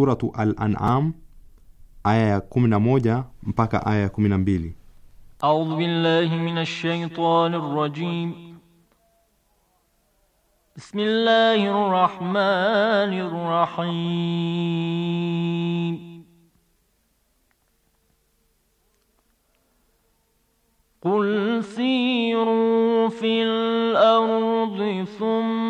suratu Al-An'am aya ya moja mpaka aya ya mbili. A'udhu billahi minash shaitanir rajim. Bismillahir rahmanir rahim. قل siru في الأرض thumma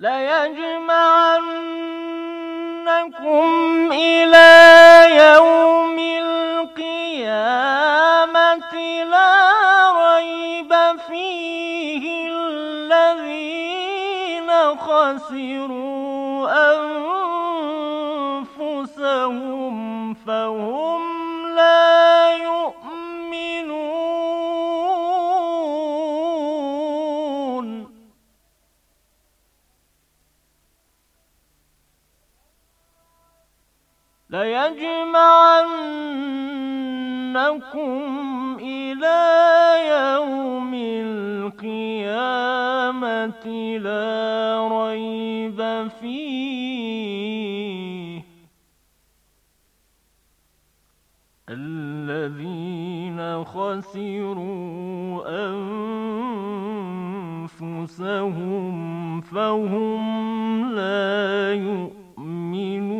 ليجمعنكم إلى يوم القيامة لا ريب فيه الذين خسروا لَيَجْمَعَنَّكُمْ إِلَى يَوْمِ الْقِيَامَةِ لَا رَيْبَ فِيهِ الَّذِينَ خَسِرُوا أَنفُسَهُمْ فَهُمْ لَا يُؤْمِنُونَ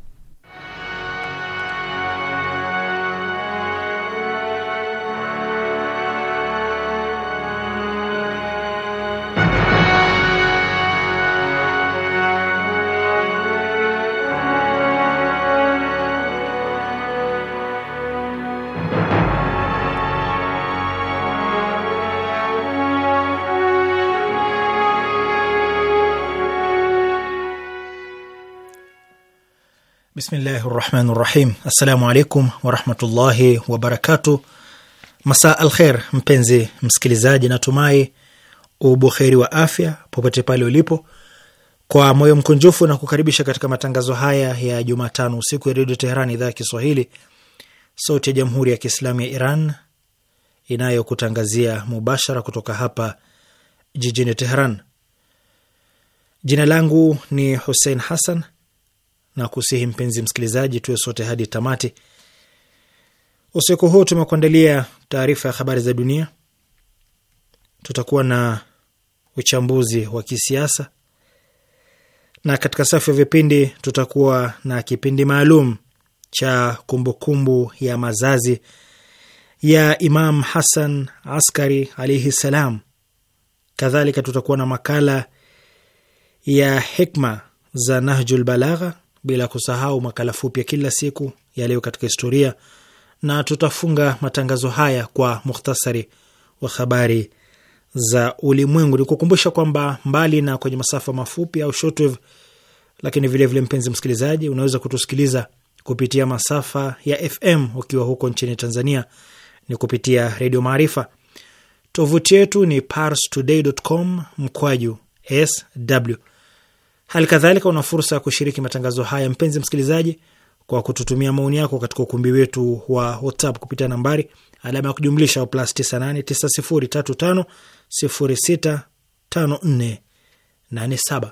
Bismillahi rahmani rahim. Assalamu alaikum warahmatullahi wabarakatu masa al kher, mpenzi msikilizaji, natumai ubuheri wa afya popote pale ulipo. Kwa moyo mkunjufu na kukaribisha katika matangazo haya ya Jumatano usiku ya redio Teheran, idhaa ya Kiswahili, sauti ya jamhuri ya Kiislamu ya Iran inayokutangazia mubashara kutoka hapa jijini Teheran. Jina langu ni hussein Hassan na kusihi mpenzi msikilizaji, tuwe sote hadi tamati. Usiku huu tumekuandalia taarifa ya habari za dunia, tutakuwa na uchambuzi wa kisiasa, na katika safu ya vipindi tutakuwa na kipindi maalum cha kumbukumbu kumbu ya mazazi ya Imam Hasan Askari alaihi salam. Kadhalika tutakuwa na makala ya hikma za Nahjul Balagha bila kusahau makala fupi ya kila siku ya leo katika historia, na tutafunga matangazo haya kwa mukhtasari wa habari za ulimwengu. Ni kukumbusha kwamba mbali na kwenye masafa mafupi au shortwave, lakini vilevile vile, mpenzi msikilizaji, unaweza kutusikiliza kupitia masafa ya FM ukiwa huko nchini Tanzania ni kupitia Redio Maarifa. Tovuti yetu ni parstoday.com mkwaju sw Hali kadhalika una fursa ya kushiriki matangazo haya, mpenzi msikilizaji, kwa kututumia maoni yako katika ukumbi wetu wa WhatsApp kupitia nambari alama ya kujumlisha plus 989035065487.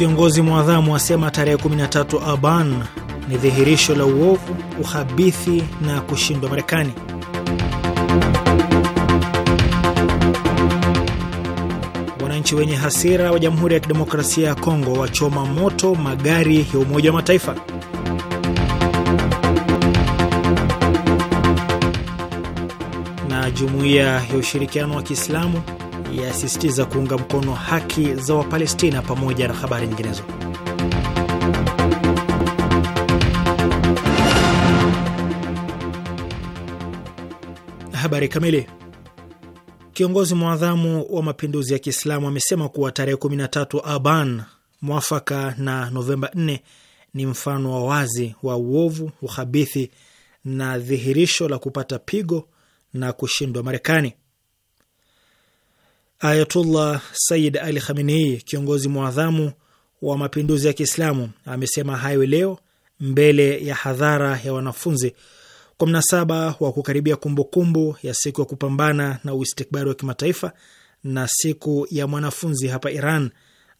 Kiongozi mwadhamu asema tarehe 13 Aban ni dhihirisho la uovu, uhabithi na kushindwa Marekani. Wananchi wenye hasira wa Jamhuri ya Kidemokrasia ya Kongo wachoma moto magari ya Umoja wa Mataifa. Na Jumuiya ya Ushirikiano wa Kiislamu yasisitiza kuunga mkono haki za Wapalestina pamoja na habari nyinginezo. Habari kamili. Kiongozi mwadhamu wa mapinduzi ya Kiislamu amesema kuwa tarehe 13 Aban mwafaka na Novemba 4 ni mfano wa wazi wa uovu, uhabithi na dhihirisho la kupata pigo na kushindwa Marekani. Ayatullah Sayyid Ali Khamenei, kiongozi mwadhamu wa mapinduzi ya Kiislamu, amesema hayo leo mbele ya hadhara ya wanafunzi kwa mnasaba wa kukaribia kumbukumbu kumbu ya siku ya kupambana na uistikbari wa kimataifa na siku ya mwanafunzi hapa Iran,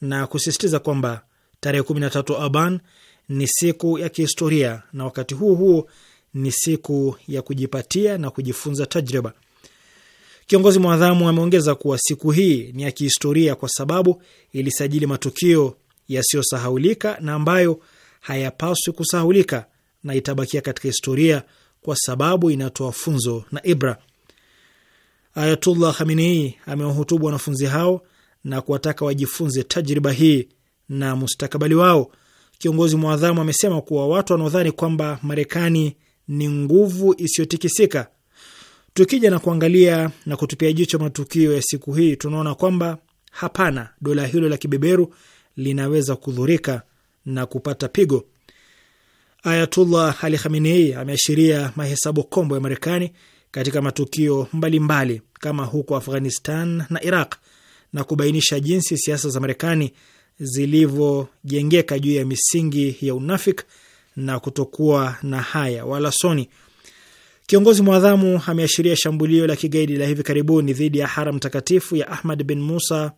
na kusisitiza kwamba tarehe 13 Aban ni siku ya kihistoria na wakati huo huo ni siku ya kujipatia na kujifunza tajriba. Kiongozi mwadhamu ameongeza kuwa siku hii ni ya kihistoria kwa sababu ilisajili matukio yasiyosahaulika na ambayo hayapaswi kusahaulika na itabakia katika historia kwa sababu inatoa funzo na ibra. Ayatullah Khamenei amewahutubu wanafunzi hao na kuwataka wajifunze tajriba hii na mustakabali wao. Kiongozi mwadhamu amesema kuwa watu wanaodhani kwamba Marekani ni nguvu isiyotikisika Tukija na kuangalia na kutupia jicho matukio ya siku hii, tunaona kwamba hapana, dola hilo la kibeberu linaweza kudhurika na kupata pigo. Ayatullah Ali Khamenei ameashiria mahesabu kombo ya Marekani katika matukio mbalimbali mbali, kama huko Afghanistan na Iraq na kubainisha jinsi siasa za Marekani zilivyojengeka juu ya misingi ya unafik na kutokuwa na haya wala soni. Kiongozi mwadhamu ameashiria shambulio la kigaidi la hivi karibuni dhidi ya haram takatifu ya Ahmad bin Musa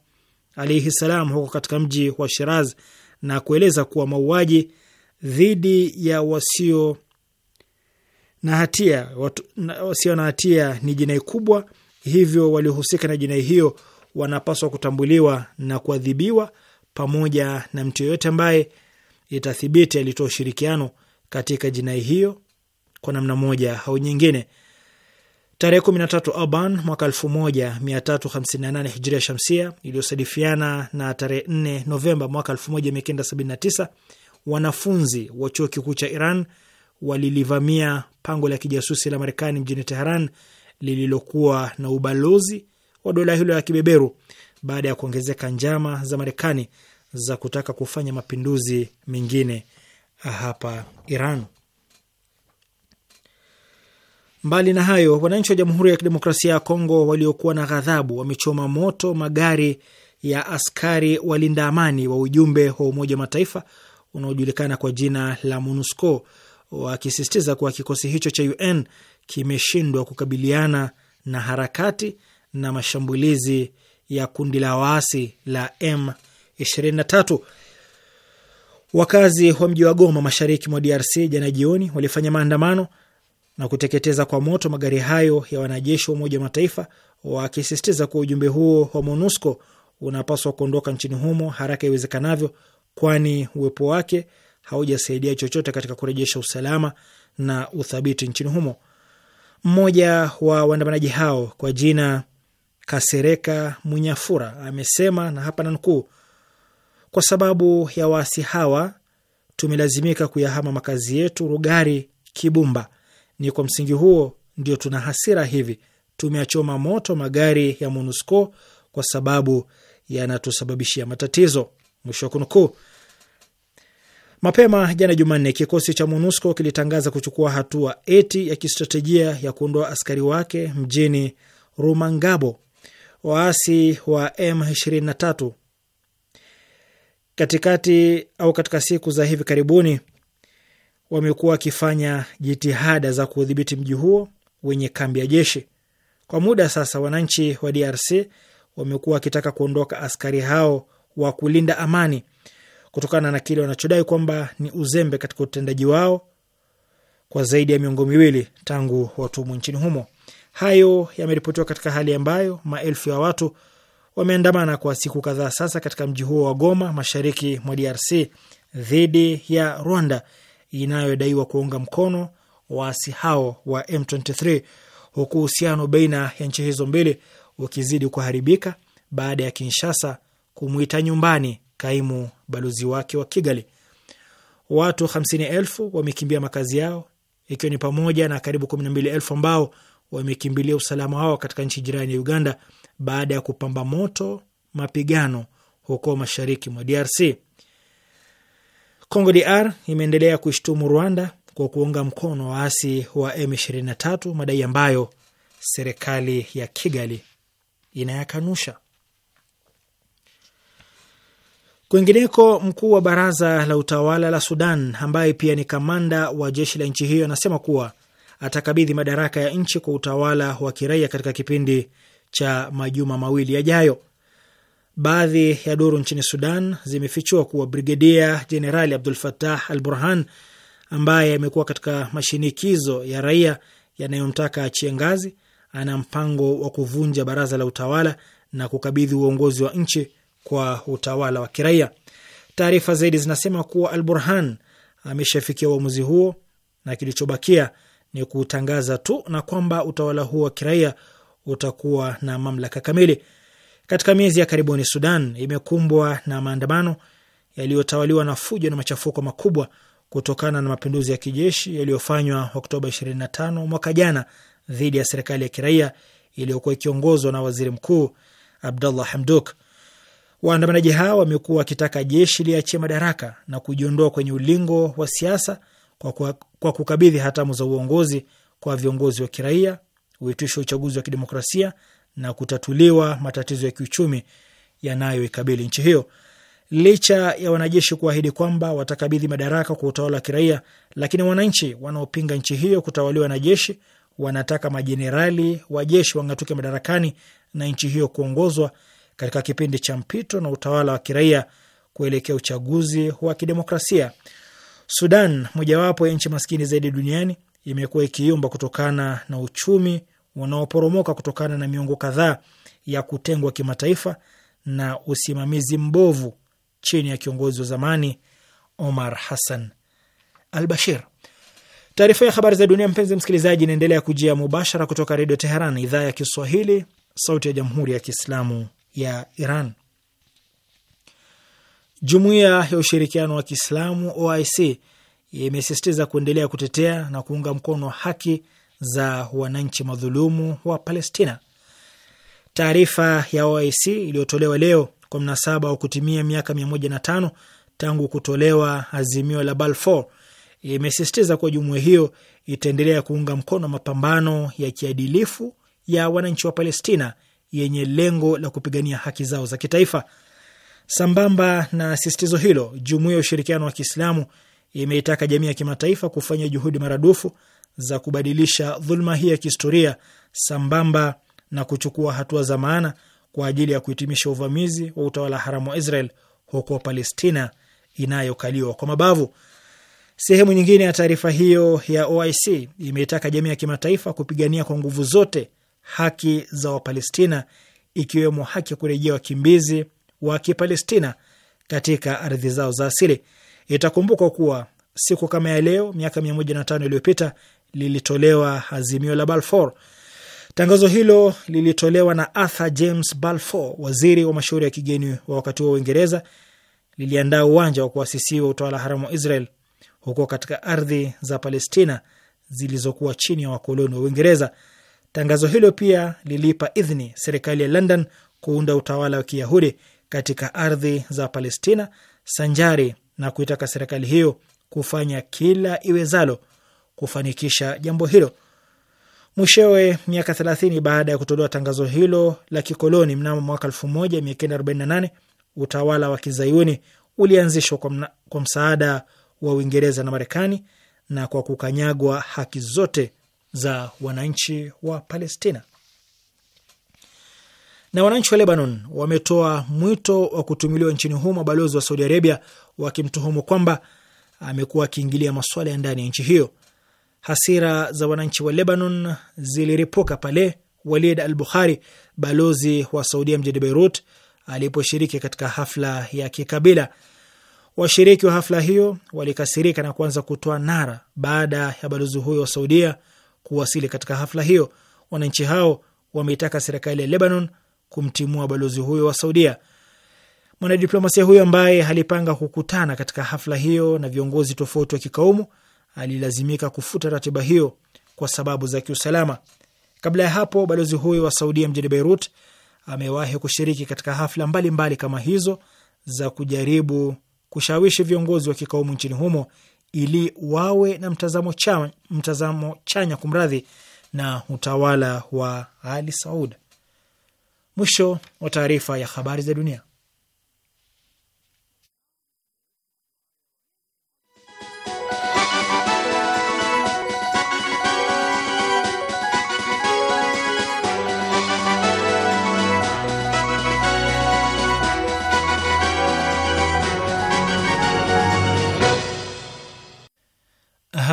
alaihi salam huko katika mji wa Shiraz na kueleza kuwa mauaji dhidi ya wasio na hatia, watu, na, wasio na hatia ni jinai kubwa, hivyo waliohusika na jinai hiyo wanapaswa kutambuliwa na kuadhibiwa pamoja na mtu yeyote ambaye itathibiti alitoa ushirikiano katika jinai hiyo kwa namna moja au nyingine. Tarehe 13 Aban mwaka 1358 hijria shamsia iliyosadifiana na tarehe 4 Novemba mwaka 1979, wanafunzi wa chuo kikuu cha Iran walilivamia pango la kijasusi la Marekani mjini Teheran lililokuwa na ubalozi wa dola hilo la kibeberu baada ya kuongezeka njama za Marekani za kutaka kufanya mapinduzi mengine hapa Iran. Mbali na hayo, wananchi wa Jamhuri ya Kidemokrasia ya Kongo waliokuwa na ghadhabu wamechoma moto magari ya askari walinda amani wa ujumbe wa Umoja Mataifa unaojulikana kwa jina la MONUSCO wakisisitiza kuwa kikosi hicho cha UN kimeshindwa kukabiliana na harakati na mashambulizi ya kundi la waasi la M23. Wakazi wa mji wa Goma mashariki mwa DRC jana jioni walifanya maandamano na kuteketeza kwa moto magari hayo ya wanajeshi wa Umoja wa Mataifa, wakisisitiza kuwa ujumbe huo wa MONUSCO unapaswa kuondoka nchini humo haraka iwezekanavyo, kwani uwepo wake haujasaidia chochote katika kurejesha usalama na uthabiti nchini humo. Mmoja wa waandamanaji hao kwa jina Kasereka Munyafura amesema, na hapa nanukuu, kwa sababu ya waasi hawa tumelazimika kuyahama makazi yetu Rugari Kibumba ni kwa msingi huo ndio tuna hasira hivi, tumeachoma moto magari ya MONUSCO kwa sababu yanatusababishia matatizo. Mwisho wa kunukuu. Mapema jana Jumanne, kikosi cha MONUSCO kilitangaza kuchukua hatua eti ya kistratejia ya kuondoa askari wake mjini Rumangabo. Waasi wa M23 katikati au katika siku za hivi karibuni wamekuwa wakifanya jitihada za kuudhibiti mji huo wenye kambi ya jeshi kwa muda sasa. Wananchi wa DRC wamekuwa wakitaka kuondoka askari hao wa kulinda amani kutokana na kile wanachodai kwamba ni uzembe katika utendaji wao kwa zaidi ya miongo miwili tangu watumwa nchini humo. Hayo yameripotiwa katika hali ambayo maelfu ya watu wameandamana kwa siku kadhaa sasa katika mji huo wa Goma, mashariki mwa DRC dhidi ya Rwanda inayodaiwa kuunga mkono waasi hao wa M23 huku uhusiano baina ya nchi hizo mbili ukizidi kuharibika baada ya Kinshasa kumwita nyumbani kaimu balozi wake wa Kigali. Watu hamsini elfu wamekimbia makazi yao ikiwa ni pamoja na karibu kumi na mbili elfu ambao wamekimbilia usalama wao katika nchi jirani ya Uganda baada ya kupamba moto mapigano huko mashariki mwa DRC. Kongo DR imeendelea kuishtumu Rwanda kwa kuunga mkono waasi wa M23, madai ambayo serikali ya Kigali inayakanusha. Kwingineko, mkuu wa baraza la utawala la Sudan ambaye pia ni kamanda wa jeshi la nchi hiyo anasema kuwa atakabidhi madaraka ya nchi kwa utawala wa kiraia katika kipindi cha majuma mawili yajayo baadhi ya duru nchini Sudan zimefichua kuwa Brigedia Jenerali Abdul Fatah al Burhan, ambaye amekuwa katika mashinikizo ya raia yanayomtaka achie ngazi, ana mpango wa kuvunja baraza la utawala na kukabidhi uongozi wa nchi kwa utawala wa kiraia. Taarifa zaidi zinasema kuwa al Burhan ameshafikia uamuzi huo na kilichobakia ni kutangaza tu na kwamba utawala huo wa kiraia utakuwa na mamlaka kamili. Katika miezi ya karibuni, Sudan imekumbwa na maandamano yaliyotawaliwa na fujo na machafuko makubwa kutokana na mapinduzi ya kijeshi yaliyofanywa Oktoba 25 mwaka jana dhidi ya serikali ya kiraia iliyokuwa ikiongozwa na waziri mkuu Abdullah Hamdok. Waandamanaji hao wamekuwa wakitaka jeshi liachie madaraka na kujiondoa kwenye ulingo wa siasa kwa, kwa, kwa kukabidhi hatamu za uongozi kwa viongozi wa kiraia, uitishe uchaguzi wa kidemokrasia na kutatuliwa matatizo ya kiuchumi yanayoikabili nchi hiyo. Licha ya wanajeshi kuahidi kwamba watakabidhi madaraka kwa utawala wa kiraia, lakini wananchi wanaopinga nchi hiyo kutawaliwa na jeshi wanataka majenerali wa jeshi wang'atuke madarakani na nchi hiyo kuongozwa katika kipindi cha mpito na utawala wa kiraia kuelekea uchaguzi wa kidemokrasia. Sudan, mojawapo ya nchi maskini zaidi duniani, imekuwa ikiumba kutokana na uchumi unaoporomoka kutokana na miongo kadhaa ya kutengwa kimataifa na usimamizi mbovu chini ya kiongozi wa zamani Omar Hassan al-Bashir. Taarifa ya habari za dunia, mpenzi msikilizaji, inaendelea kujia mubashara kutoka Redio Teheran, idhaa ya Kiswahili, sauti ya Jamhuri ya Kiislamu ya Iran. Jumuiya ya Ushirikiano wa Kiislamu OIC imesisitiza kuendelea kutetea na kuunga mkono haki za wananchi madhulumu wa Palestina. Taarifa ya OIC iliyotolewa leo kwa mnasaba wa kutimia miaka 105 tangu kutolewa azimio la Balfour imesisitiza kuwa jumuiya hiyo itaendelea kuunga mkono mapambano ya kiadilifu ya wananchi wa Palestina yenye lengo la kupigania haki zao za kitaifa. Sambamba na sisitizo hilo, jumuiya ya ushirikiano wa Kiislamu imeitaka jamii ya kimataifa kufanya juhudi maradufu za kubadilisha dhuluma hii ya kihistoria sambamba na kuchukua hatua za maana kwa ajili ya kuhitimisha uvamizi wa utawala haramu wa Israel huko Palestina inayokaliwa kwa mabavu. Sehemu nyingine ya taarifa hiyo ya OIC imeitaka jamii ya kimataifa kupigania kwa nguvu zote haki za Wapalestina, ikiwemo haki ya kurejea wakimbizi wa Kipalestina katika ardhi zao za asili. Itakumbukwa kuwa siku kama ya leo miaka mia moja na iliyopita lilitolewa azimio la Balfour. Tangazo hilo lilitolewa na Arthur James Balfour, waziri wa mashauri ya kigeni wa wakati huo Uingereza, liliandaa uwanja wa kuasisiwa utawala haramu wa Israel huko katika ardhi za Palestina zilizokuwa chini ya wakoloni wa Uingereza. Tangazo hilo pia liliipa idhini serikali ya London kuunda utawala wa kiyahudi katika ardhi za Palestina sanjari na kuitaka serikali hiyo kufanya kila iwezalo kufanikisha jambo hilo. Mwishowe, miaka 30 baada ya kutolewa tangazo hilo la kikoloni mnamo mwaka 1948 utawala wa kizayuni ulianzishwa kwa, kwa msaada wa Uingereza na Marekani na kwa kukanyagwa haki zote za wananchi wa Palestina. Na wananchi wa Lebanon wametoa mwito wa kutumiliwa nchini humo balozi wa Saudi Arabia, wakimtuhumu kwamba amekuwa akiingilia masuala ya ndani ya nchi hiyo hasira za wananchi wa Lebanon ziliripuka pale Walid al Bukhari, balozi wa Saudia mjini Beirut, aliposhiriki katika hafla ya kikabila. Washiriki wa hafla hiyo walikasirika na kuanza kutoa nara baada ya balozi huyo wa Saudia kuwasili katika hafla hiyo. Wananchi hao wameitaka serikali ya Lebanon kumtimua balozi huyo wa Saudia. Mwanadiplomasia huyo ambaye alipanga kukutana katika hafla hiyo na viongozi tofauti wa kikaumu alilazimika kufuta ratiba hiyo kwa sababu za kiusalama. Kabla ya hapo, balozi huyo wa Saudia mjini Beirut amewahi kushiriki katika hafla mbalimbali mbali kama hizo za kujaribu kushawishi viongozi wa kikaumu nchini humo ili wawe na mtazamo chanya, mtazamo chanya kumradhi, na utawala wa Ali Saud. Mwisho wa taarifa ya habari za dunia.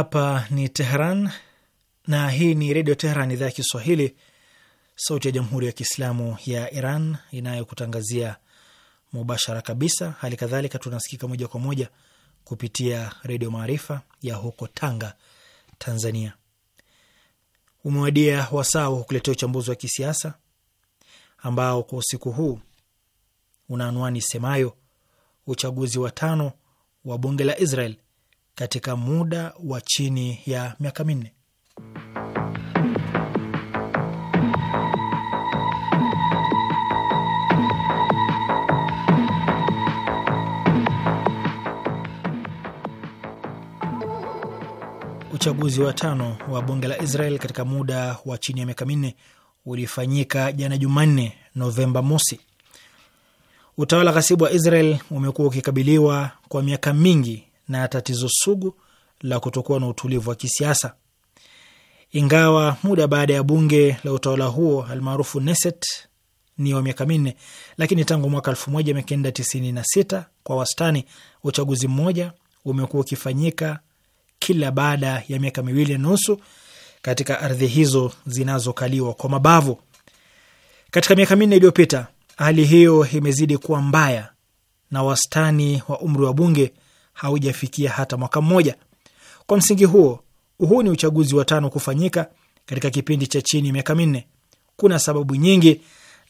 Hapa ni Tehran na hii ni Redio Tehran, idhaa ya Kiswahili, sauti ya Jamhuri ya Kiislamu ya Iran inayokutangazia mubashara kabisa. Hali kadhalika tunasikika moja kwa moja kupitia Redio Maarifa ya huko Tanga, Tanzania. Umewadia wasaa wa uchambuzi wa kisiasa ambao kwa usiku huu una anwani semayo uchaguzi wa tano wa bunge la Israel katika muda wa chini ya miaka minne. Uchaguzi wa tano wa bunge la Israel katika muda wa chini ya miaka minne ulifanyika jana Jumanne, Novemba mosi. Utawala ghasibu wa Israel umekuwa ukikabiliwa kwa miaka mingi na tatizo sugu la kutokuwa na utulivu wa kisiasa. Ingawa muda baada ya bunge la utawala huo almaarufu Neset ni wa miaka minne, lakini tangu mwaka sita kwa wastani uchaguzi mmoja umekuwa ukifanyika kila baada ya miaka miwili na nusu katika ardhi hizo zinazokaliwa kwa mabavu. Katika miaka minne iliyopita, hali hiyo imezidi kuwa mbaya na wastani wa umri wa bunge haujafikia hata mwaka mmoja. Kwa msingi huo, huu ni uchaguzi wa tano kufanyika katika kipindi cha chini ya miaka minne. Kuna sababu nyingi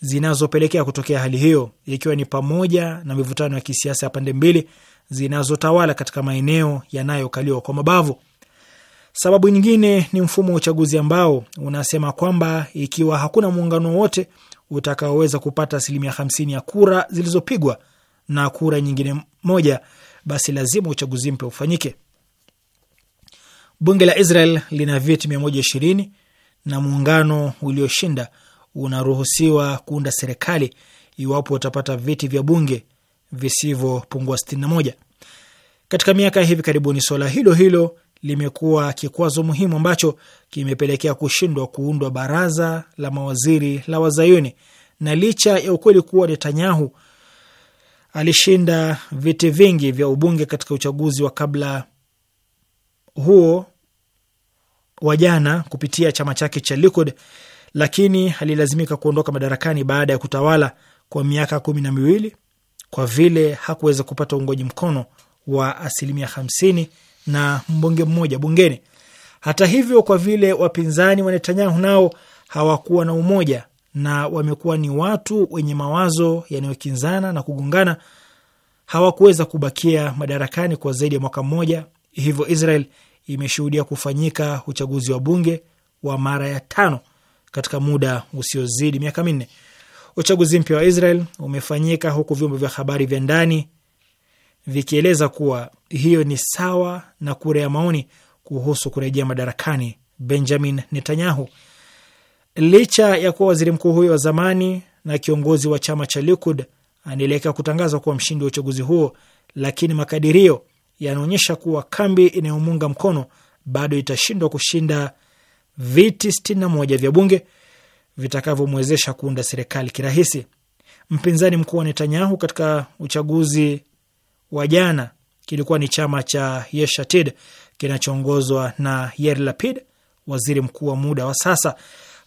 zinazopelekea kutokea hali hiyo, ikiwa ni pamoja na mivutano ya kisiasa ya pande mbili zinazotawala katika maeneo yanayokaliwa kwa mabavu. Sababu nyingine ni mfumo wa uchaguzi ambao unasema kwamba ikiwa hakuna muungano wowote utakaoweza kupata asilimia hamsini ya kura zilizopigwa na kura nyingine moja basi lazima uchaguzi mpya ufanyike. Bunge la Israel lina viti 120 na muungano ulioshinda unaruhusiwa kuunda serikali iwapo utapata viti vya bunge visivyopungua 61. Katika miaka hivi karibuni, swala hilo hilo limekuwa kikwazo muhimu ambacho kimepelekea kushindwa kuundwa baraza la mawaziri la Wazayuni, na licha ya ukweli kuwa Netanyahu alishinda viti vingi vya ubunge katika uchaguzi wa kabla huo wa jana kupitia chama chake cha Likud, lakini alilazimika kuondoka madarakani baada ya kutawala kwa miaka kumi na miwili kwa vile hakuweza kupata uungwaji mkono wa asilimia hamsini na mbunge mmoja bungeni. Hata hivyo, kwa vile wapinzani wa Netanyahu nao hawakuwa na umoja na wamekuwa ni watu wenye mawazo yanayokinzana na kugongana, hawakuweza kubakia madarakani kwa zaidi ya mwaka mmoja. Hivyo Israel imeshuhudia kufanyika uchaguzi wa bunge wa mara ya tano katika muda usiozidi miaka minne. Uchaguzi mpya wa Israel umefanyika huku vyombo vya habari vya ndani vikieleza kuwa hiyo ni sawa na kura ya maoni kuhusu kurejea madarakani Benjamin Netanyahu licha ya kuwa waziri mkuu huyo wa zamani na kiongozi wa chama cha Likud anaelekea kutangazwa kuwa mshindi wa uchaguzi huo, lakini makadirio yanaonyesha kuwa kambi inayomunga mkono bado itashindwa kushinda viti moja vya bunge vitakavyomwezesha kuunda serikali kirahisi. Mpinzani mkuu wa Netanyahu katika uchaguzi wa jana kilikuwa ni chama cha Yeshatid kinachoongozwa na Yair Lapid, waziri mkuu wa muda wa sasa.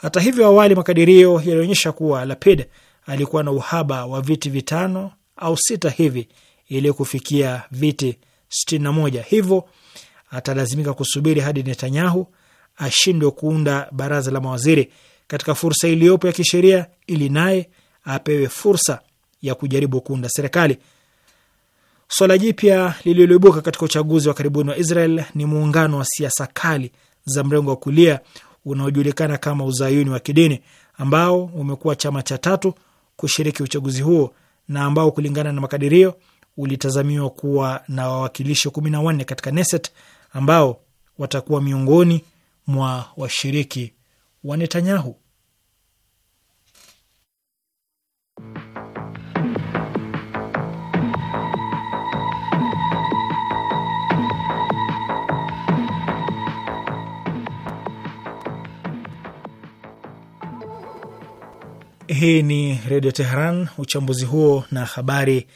Hata hivyo, awali makadirio yalionyesha kuwa Lapid alikuwa na uhaba wa viti vitano au sita hivi ili kufikia viti sitini moja, hivyo atalazimika kusubiri hadi Netanyahu ashindwe kuunda baraza la mawaziri katika fursa iliyopo ya kisheria ili naye apewe fursa ya kujaribu kuunda serikali. Swala jipya lililoibuka katika uchaguzi wa karibuni wa Israel ni muungano wa siasa kali za mrengo wa kulia unaojulikana kama uzayuni wa kidini ambao umekuwa chama cha tatu kushiriki uchaguzi huo na ambao kulingana na makadirio ulitazamiwa kuwa na wawakilishi kumi na wanne katika Knesset ambao watakuwa miongoni mwa washiriki wa Netanyahu. Hii ni Redio Teheran. Uchambuzi huo na habari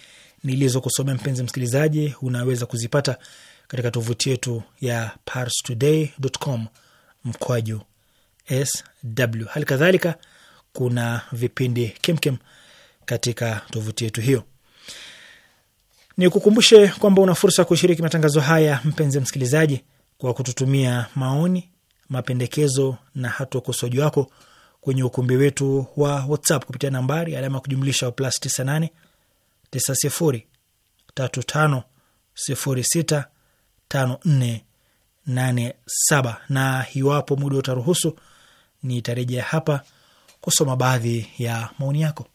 nilizokusomea, mpenzi msikilizaji, unaweza kuzipata katika tovuti yetu ya parstoday.com mkwaju sw. Hali kadhalika kuna vipindi kemkem katika tovuti yetu hiyo. Ni kukumbushe kwamba una fursa ya kushiriki matangazo haya, mpenzi msikilizaji, kwa kututumia maoni, mapendekezo na hata ukosoaji wako kwenye ukumbi wetu wa WhatsApp kupitia nambari alama ya kujumlisha wa plus 98 90 35 06 54 87. Na iwapo muda utaruhusu, nitarejea hapa kusoma baadhi ya maoni yako.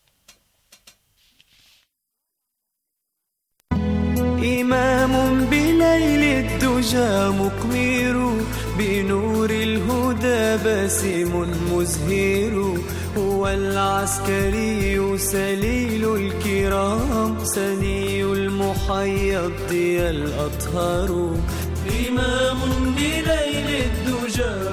Imamun bilaili duja mukmiru binu باسم مزهير هو العسكري سليل الكرام سني المحيى ضيا الأطهار إمام بليل الدجى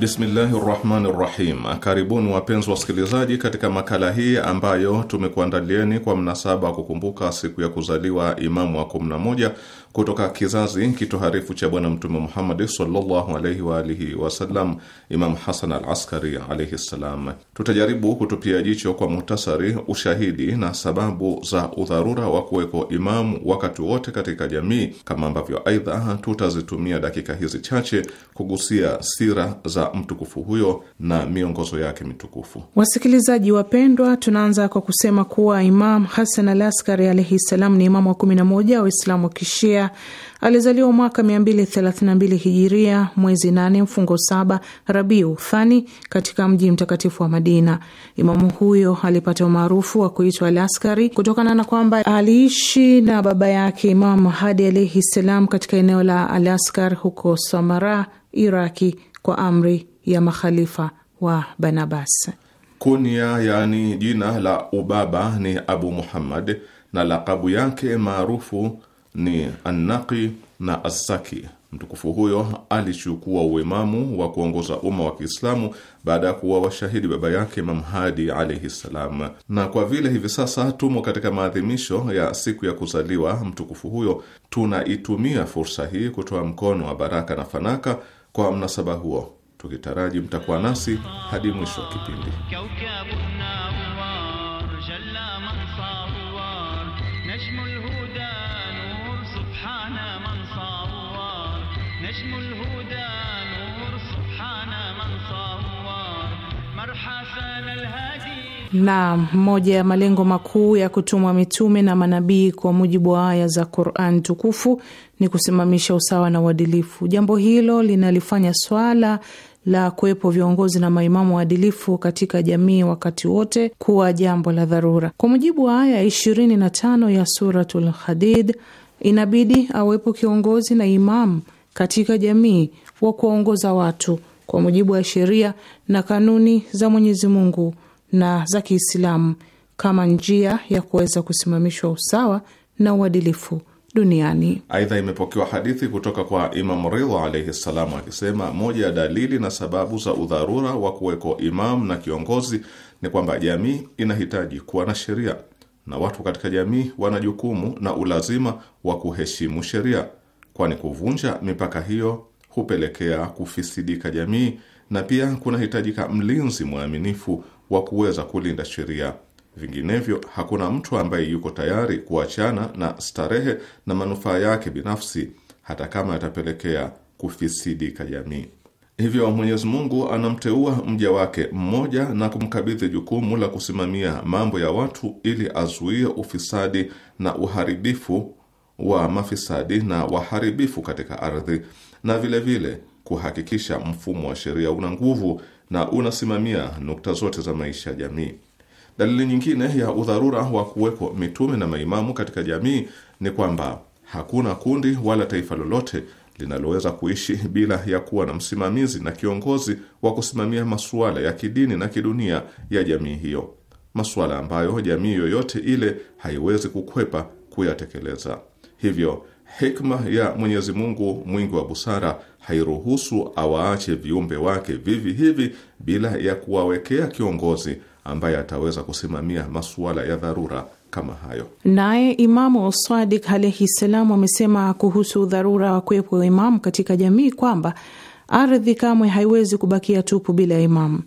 Bismillahi rahmani rahim. Karibuni wapenzi wasikilizaji, katika makala hii ambayo tumekuandalieni kwa mnasaba wa kukumbuka siku ya kuzaliwa Imamu wa 11 kutoka kizazi kitoharifu cha Bwana Mtume muhammadi sallallahu alaihi wa alihi wasallam, Imamu Hasan al Askari alaihi ssalam. Tutajaribu kutupia jicho kwa muhtasari ushahidi na sababu za udharura wa kuwekwa imamu wakati wote katika jamii, kama ambavyo aidha tutazitumia dakika hizi chache kugusia sira za mtukufu huyo na miongozo yake mitukufu. Wasikilizaji wapendwa, tunaanza kwa kusema kuwa Imam Hasan al Askari alaihi ssalam ni imamu wa 11 wa Waislamu wa Kishia Alizaliwa mwaka 232 Hijiria, mwezi 8 mfungo 7 Rabiu Thani katika mji mtakatifu wa Madina. Imamu huyo alipata umaarufu wa kuitwa Alaskari kutokana na kwamba aliishi na baba yake Imam hadi alaihi ssalam katika eneo la Alaskar huko Samara, Iraki, kwa amri ya makhalifa wa Banabas. Kunia yaani jina la ubaba ni Abu Muhammad na lakabu yake maarufu ni Annaki na Assaki. Mtukufu huyo alichukua uimamu wa kuongoza umma wa Kiislamu baada ya kuwa washahidi baba yake Imam Hadi alaihi ssalam, na kwa vile hivi sasa tumo katika maadhimisho ya siku ya kuzaliwa mtukufu huyo, tunaitumia fursa hii kutoa mkono wa baraka na fanaka kwa mnasaba huo, tukitaraji mtakuwa nasi hadi mwisho wa kipindi. na moja ya malengo makuu ya kutumwa mitume na manabii kwa mujibu wa aya za Qur'an tukufu ni kusimamisha usawa na uadilifu. Jambo hilo linalifanya swala la kuwepo viongozi na maimamu waadilifu katika jamii wakati wote kuwa jambo la dharura. Kwa mujibu wa aya 25 ya Suratul Hadid, inabidi awepo kiongozi na imamu katika jamii wa kuwaongoza watu kwa mujibu wa sheria na kanuni za Mwenyezi Mungu na za Kiislamu kama njia ya kuweza kusimamishwa usawa na uadilifu duniani. Aidha, imepokewa hadithi kutoka kwa Imamu Ridha alaihi ssalam akisema, moja ya dalili na sababu za udharura wa kuweko imamu na kiongozi ni kwamba jamii inahitaji kuwa na sheria na watu katika jamii wana jukumu na ulazima wa kuheshimu sheria kwani kuvunja mipaka hiyo hupelekea kufisidika jamii na pia kunahitajika mlinzi mwaminifu wa kuweza kulinda sheria. Vinginevyo hakuna mtu ambaye yuko tayari kuachana na starehe na manufaa yake binafsi, hata kama yatapelekea kufisidika jamii. Hivyo Mwenyezi Mungu anamteua mja wake mmoja na kumkabidhi jukumu la kusimamia mambo ya watu ili azuie ufisadi na uharibifu wa mafisadi na waharibifu katika ardhi na vilevile vile kuhakikisha mfumo wa sheria una nguvu na unasimamia nukta zote za maisha ya jamii. Dalili nyingine ya udharura wa kuwekwa mitume na maimamu katika jamii ni kwamba hakuna kundi wala taifa lolote linaloweza kuishi bila ya kuwa na msimamizi na kiongozi wa kusimamia masuala ya kidini na kidunia ya jamii hiyo, masuala ambayo jamii yoyote ile haiwezi kukwepa kuyatekeleza. Hivyo hikma ya Mwenyezi Mungu mwingi wa busara hairuhusu awaache viumbe wake vivi hivi bila ya kuwawekea kiongozi ambaye ataweza kusimamia masuala ya dharura kama hayo. Naye Imamu Sadik alaihi ssalam amesema kuhusu dharura wa kuwepo imamu katika jamii kwamba ardhi kamwe haiwezi kubakia tupu bila imamu.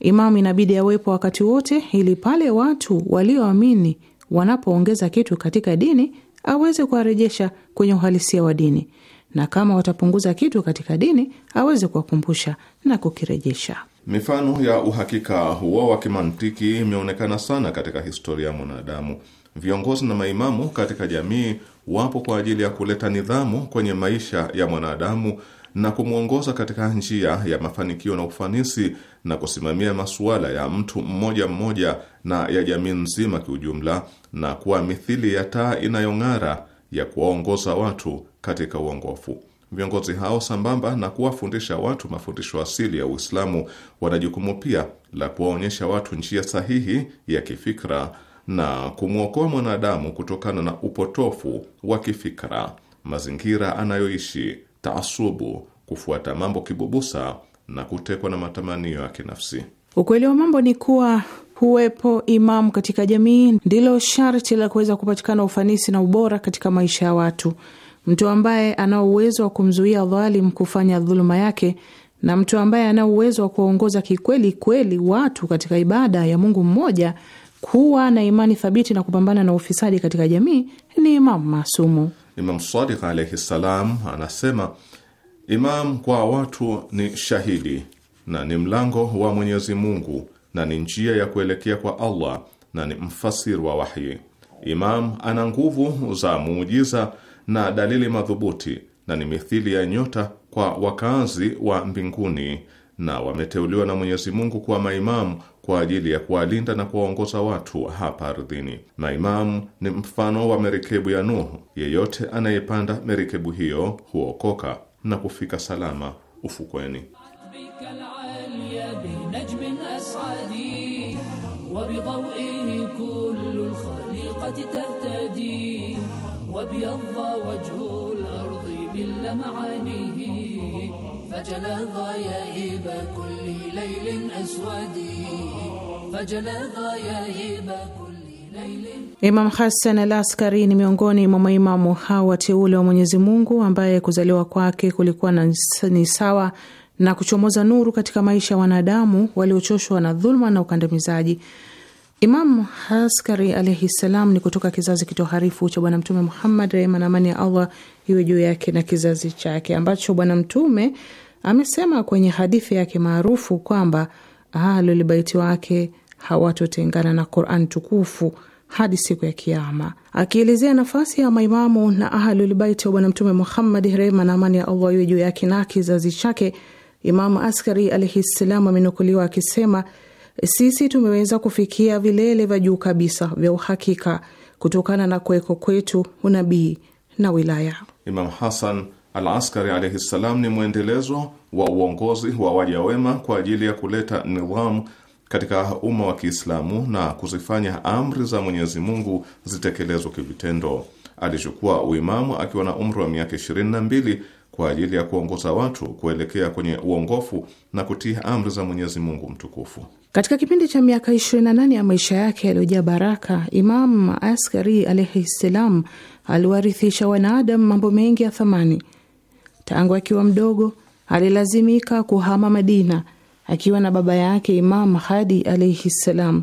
Imamu inabidi awepo wakati wote, ili pale watu walioamini wanapoongeza kitu katika dini aweze kuwarejesha kwenye uhalisia wa dini, na kama watapunguza kitu katika dini aweze kuwakumbusha na kukirejesha. Mifano ya uhakika huo wa kimantiki imeonekana sana katika historia ya mwanadamu. Viongozi na maimamu katika jamii wapo kwa ajili ya kuleta nidhamu kwenye maisha ya mwanadamu na kumwongoza katika njia ya mafanikio na ufanisi na kusimamia masuala ya mtu mmoja mmoja na ya jamii nzima kiujumla, na kuwa mithili ya taa inayong'ara ya kuwaongoza watu katika uongofu. Viongozi hao sambamba na kuwafundisha watu mafundisho asili ya Uislamu, wana jukumu pia la kuwaonyesha watu njia sahihi ya kifikra na kumwokoa mwanadamu kutokana na upotofu wa kifikra, mazingira anayoishi taasubu, kufuata mambo kibubusa na kutekwa na matamanio ya kinafsi. Ukweli wa mambo ni kuwa huwepo imamu katika jamii ndilo sharti la kuweza kupatikana ufanisi na ubora katika maisha ya watu. Mtu ambaye ana uwezo wa kumzuia dhalim kufanya dhuluma yake na mtu ambaye ana uwezo wa kuwaongoza kikweli kweli watu katika ibada ya Mungu mmoja, kuwa na imani thabiti na kupambana na ufisadi katika jamii ni imamu maasumu. Imam Sadiq alaihi ssalam anasema Imam kwa watu ni shahidi na ni mlango wa Mwenyezi Mungu na ni njia ya kuelekea kwa Allah na ni mfasiri wa wahyi. Imam ana nguvu za muujiza na dalili madhubuti na ni mithili ya nyota kwa wakazi wa mbinguni na wameteuliwa na Mwenyezi Mungu kuwa maimamu kwa ajili ya kuwalinda na kuwaongoza watu hapa ardhini, na imamu ni mfano wa merikebu ya Nuhu. Yeyote anayepanda merikebu hiyo huokoka na kufika salama ufukweni. فجل الضيائب كل ليل أسود فجل الضيائب Imam Hassan al Askari ni miongoni mwa maimamu hawa wateule wa Mwenyezi Mungu, ambaye kuzaliwa kwake kulikuwa na ni sawa na kuchomoza nuru katika maisha ya wanadamu waliochoshwa na dhuluma na ukandamizaji. Imam Haskari alaihi salam ni kutoka kizazi kitoharifu cha Bwana Mtume Muhammad, rehema na amani ya Allah iwe juu yake na kizazi chake, ambacho Bwana Mtume Amesema kwenye hadithi yake maarufu kwamba Ahlul Baiti wake hawatotengana na Qur'an tukufu hadi siku ya kiama akielezea nafasi ya maimamu na ahlulbaiti wa Bwana Mtume Muhammad, rehma na amani ya Allah iwe juu yake na kizazi chake. Imamu Askari alaihi ssalam amenukuliwa akisema, sisi tumeweza kufikia vilele vya juu kabisa vya uhakika kutokana na kuweko kwetu unabii na wilaya. Imam Hasan al askari alaihi ssalam ni mwendelezo wa uongozi wa waja wema kwa ajili ya kuleta nidhamu katika umma wa Kiislamu na kuzifanya amri za Mwenyezi Mungu zitekelezwe kivitendo. Alichukua uimamu akiwa na umri wa miaka ishirini na mbili kwa ajili ya kuongoza watu kuelekea kwenye uongofu na kutii amri za Mwenyezi Mungu mtukufu. Katika kipindi cha miaka 28 ya maisha yake yaliyojaa baraka, Imam Askari alaihi ssalam aliwarithisha wanaadamu mambo mengi ya thamani Tangu akiwa mdogo alilazimika kuhama Madina akiwa na baba yake Imam Hadi alaihi ssalam,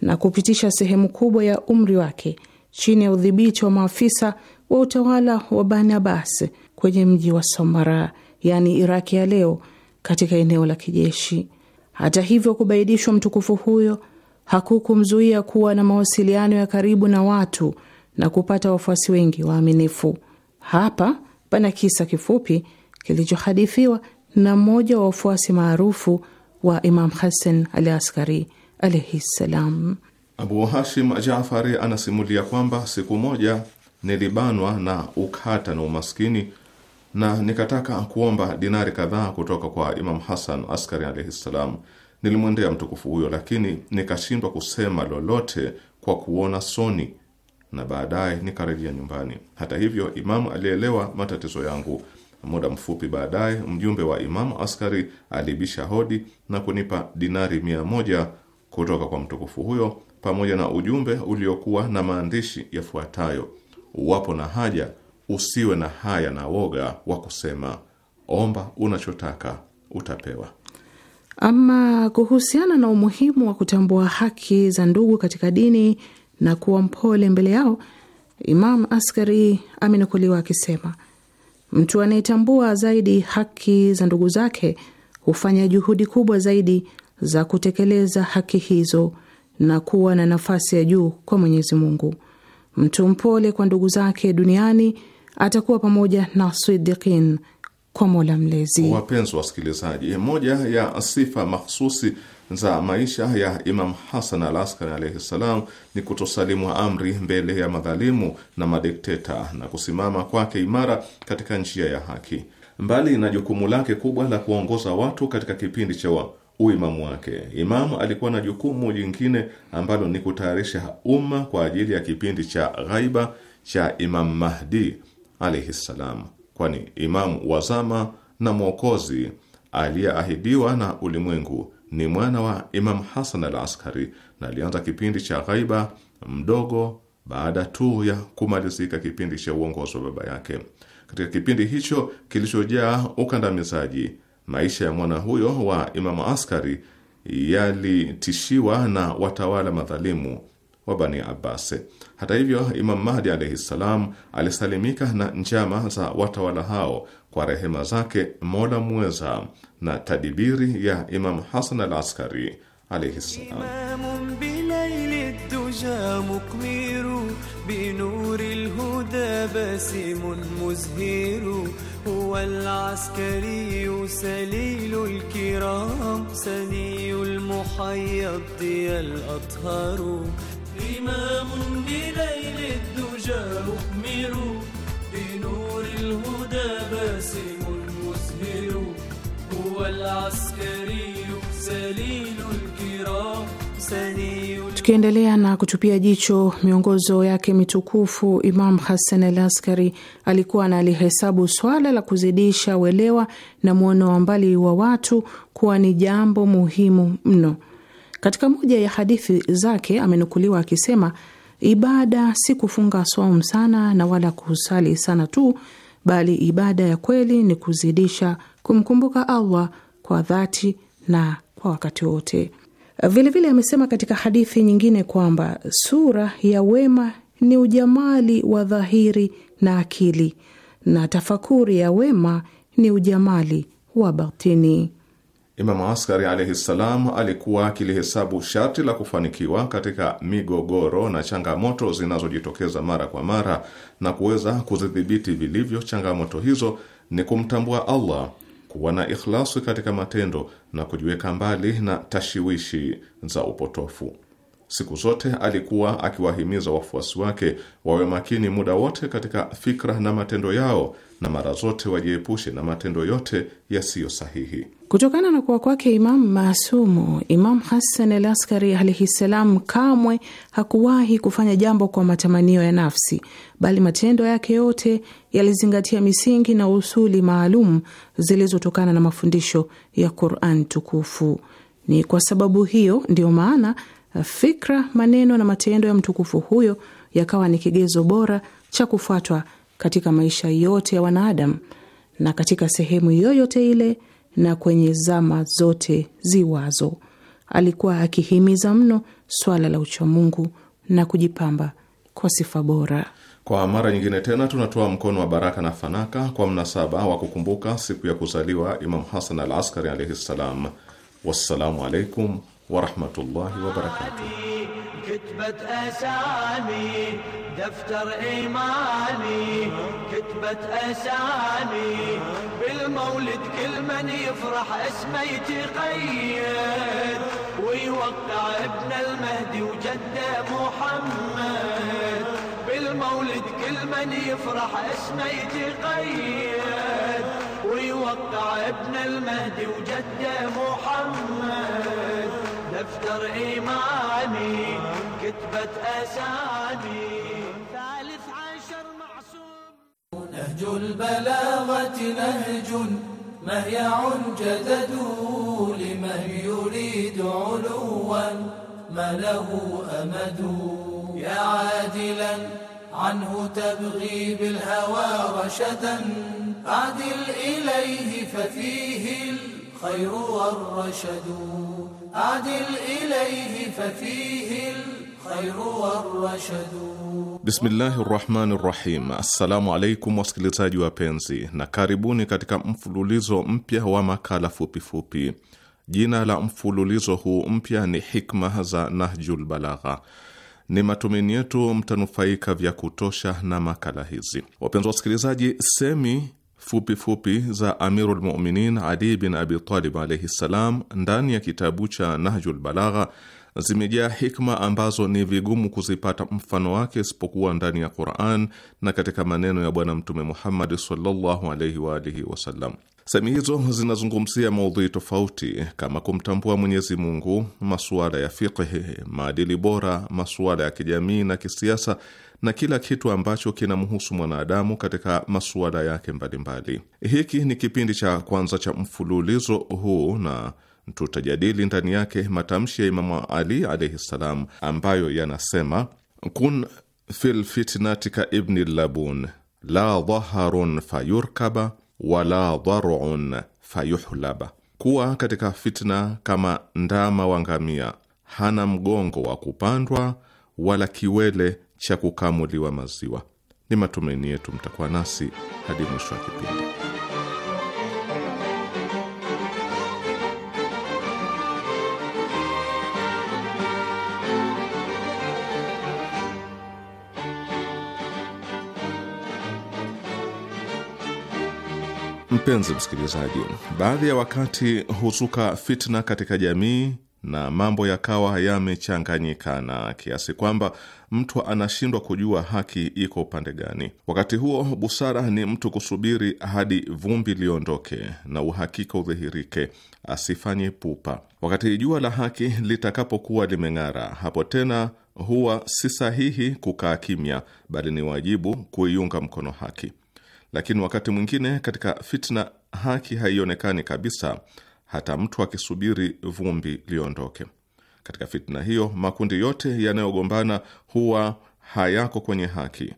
na kupitisha sehemu kubwa ya umri wake chini ya udhibiti wa maafisa wa utawala wa Bani Abbas kwenye mji wa Samara, yani Iraki ya leo, katika eneo la kijeshi. Hata hivyo, kubaidishwa mtukufu huyo hakukumzuia kuwa na mawasiliano ya karibu na watu na kupata wafuasi wengi waaminifu. Hapa pana kisa kifupi kilichohadithiwa na mmoja wa wafuasi maarufu wa Imam Hasan al Askari alaihi ssalam. Abu Hashim Jafari anasimulia kwamba siku moja nilibanwa na ukata na umaskini na nikataka kuomba dinari kadhaa kutoka kwa Imam Hasan Askari alaihi ssalam. Nilimwendea mtukufu huyo, lakini nikashindwa kusema lolote kwa kuona soni na baadaye nikarejea nyumbani. Hata hivyo, Imamu alielewa matatizo yangu. Muda mfupi baadaye, mjumbe wa Imamu Askari alibisha hodi na kunipa dinari mia moja kutoka kwa mtukufu huyo pamoja na ujumbe uliokuwa na maandishi yafuatayo: uwapo na haja usiwe na haya na woga wa kusema, omba unachotaka utapewa. Ama kuhusiana na umuhimu wa kutambua haki za ndugu katika dini na kuwa mpole mbele yao, Imam Askari amenukuliwa akisema, mtu anayetambua zaidi haki za ndugu zake hufanya juhudi kubwa zaidi za kutekeleza haki hizo na kuwa na nafasi ya juu kwa Mwenyezi Mungu. Mtu mpole kwa ndugu zake duniani atakuwa pamoja na swidikin kwa Mola Mlezi. Wapenzi wasikilizaji, moja ya sifa mahsusi za maisha ya Imam Hasan al Askari alaihi ssalam ni kutosalimwa amri mbele ya madhalimu na madikteta na kusimama kwake imara katika njia ya haki. Mbali na jukumu lake kubwa la kuongoza watu katika kipindi cha uimamu wake, Imamu alikuwa na jukumu jingine ambalo ni kutayarisha umma kwa ajili ya kipindi cha ghaiba cha Imam Mahdi alaihi ssalam kwani Imamu wazama na mwokozi aliyeahidiwa na ulimwengu ni mwana wa Imamu Hasan al Askari, na alianza kipindi cha ghaiba mdogo baada tu ya kumalizika kipindi cha uongozi wa baba yake. Katika kipindi hicho kilichojaa ukandamizaji, maisha ya mwana huyo wa Imamu Askari yalitishiwa na watawala madhalimu wa Bani Abbas. Hata hivyo, Imam Mahdi alaihi ssalam alisalimika na njama za watawala hao kwa rehema zake Mola mweza na tadibiri ya Imam Hasan al Askari alaihi ssalam. إمام بليل الدجى بنور الهدى باسم مسهر هو العسكري سليل الكرام Tukiendelea na kutupia jicho miongozo yake mitukufu, Imam Hassan al Askari alikuwa analihesabu swala la kuzidisha uelewa na mwono wa mbali wa watu kuwa ni jambo muhimu mno. Katika moja ya hadithi zake amenukuliwa akisema, ibada si kufunga swaumu sana na wala kusali sana tu, bali ibada ya kweli ni kuzidisha kumkumbuka Allah kwa dhati na kwa wakati wote. Vilevile amesema katika hadithi nyingine kwamba sura ya wema ni ujamali wa dhahiri na akili, na tafakuri ya wema ni ujamali wa batini. Imamu Askari alaihi ssalam alikuwa akilihesabu sharti la kufanikiwa katika migogoro na changamoto zinazojitokeza mara kwa mara na kuweza kuzidhibiti vilivyo changamoto hizo ni kumtambua Allah, kuwa na ikhlasi katika matendo na kujiweka mbali na tashiwishi za upotofu. Siku zote alikuwa akiwahimiza wafuasi wake wawe makini muda wote katika fikra na matendo yao, na mara zote wajiepushe na matendo yote yasiyo sahihi. Kutokana na kuwa kwake Imamu maasumu, imam Hasan al Askari alaihi ssalam kamwe hakuwahi kufanya jambo kwa matamanio ya nafsi, bali matendo yake yote yalizingatia misingi na usuli maalum zilizotokana na mafundisho ya Quran Tukufu. Ni kwa sababu hiyo ndiyo maana Eh, fikra, maneno na matendo ya mtukufu huyo yakawa ni kigezo bora cha kufuatwa katika maisha yote ya wanadamu na katika sehemu yoyote ile na kwenye zama zote ziwazo. Alikuwa akihimiza mno swala la uchamungu na kujipamba kwa sifa bora. Kwa mara nyingine tena tunatoa mkono wa baraka na fanaka kwa mnasaba wa kukumbuka siku ya kuzaliwa Imam Hasan al Askari alaihi ssalam. Wassalamu alaikum ورحمة الله وبركاته كتبت أسامي دفتر إيماني كتبت أسامي بالمولد كل من يفرح اسمه يتقيد ويوقع ابن المهدي وجده محمد بالمولد كل من يفرح اسمه يتقيد ويوقع ابن المهدي وجده محمد دفتر إيماني كتبت أسامي ثالث عشر معصوم نهج البلاغة نهج مهيع جدد لمن يريد علوا ما له أمد يا عادلا عنه تبغي بالهوى رشدا أعدل إليه ففيه الخير والرشد أعدل إليه ففيه الخير والرشد Bismillahi rahmani rahim. Assalamu alaikum wasikilizaji wapenzi, na karibuni katika mfululizo mpya wa makala fupifupi fupi. Jina la mfululizo huu mpya ni hikma za Nahjul Balagha. Ni matumaini yetu mtanufaika vya kutosha na makala hizi. Wapenzi wasikilizaji, semi fupifupi za Amirul Muminin Ali bin Abi Talib alaihi ssalam ndani ya kitabu cha Nahjul Balagha zimejaa hikma ambazo ni vigumu kuzipata mfano wake isipokuwa ndani ya Quran na katika maneno ya Bwana Mtume Muhammad sallallahu alaihi wa alihi wasallam. Semi hizo zinazungumzia maudhui tofauti kama kumtambua Mwenyezi Mungu, masuala ya fiqhi, maadili bora, masuala ya kijamii na kisiasa na kila kitu ambacho kinamhusu mwanadamu katika masuala yake mbalimbali. Hiki ni kipindi cha kwanza cha mfululizo huu na tutajadili ndani yake matamshi ya Imamu Ali alaihi ssalam ambayo yanasema kun fil fitnati ka ibni labun la dhaharun fayurkaba wala dharun fayuhlaba, kuwa katika fitna kama ndama wa ngamia, hana mgongo wa kupandwa wala kiwele cha kukamuliwa maziwa. Ni matumaini yetu mtakuwa nasi hadi mwisho wa kipindi. Mpenzi msikilizaji, baadhi ya wakati huzuka fitna katika jamii na mambo yakawa yamechanganyikana kiasi kwamba mtu anashindwa kujua haki iko upande gani. Wakati huo, busara ni mtu kusubiri hadi vumbi liondoke na uhakika udhihirike, asifanye pupa. Wakati jua la haki litakapokuwa limeng'ara, hapo tena huwa si sahihi kukaa kimya, bali ni wajibu kuiunga mkono haki. Lakini wakati mwingine katika fitna haki haionekani kabisa hata mtu akisubiri vumbi liondoke. Katika fitna hiyo, makundi yote yanayogombana huwa hayako kwenye haki.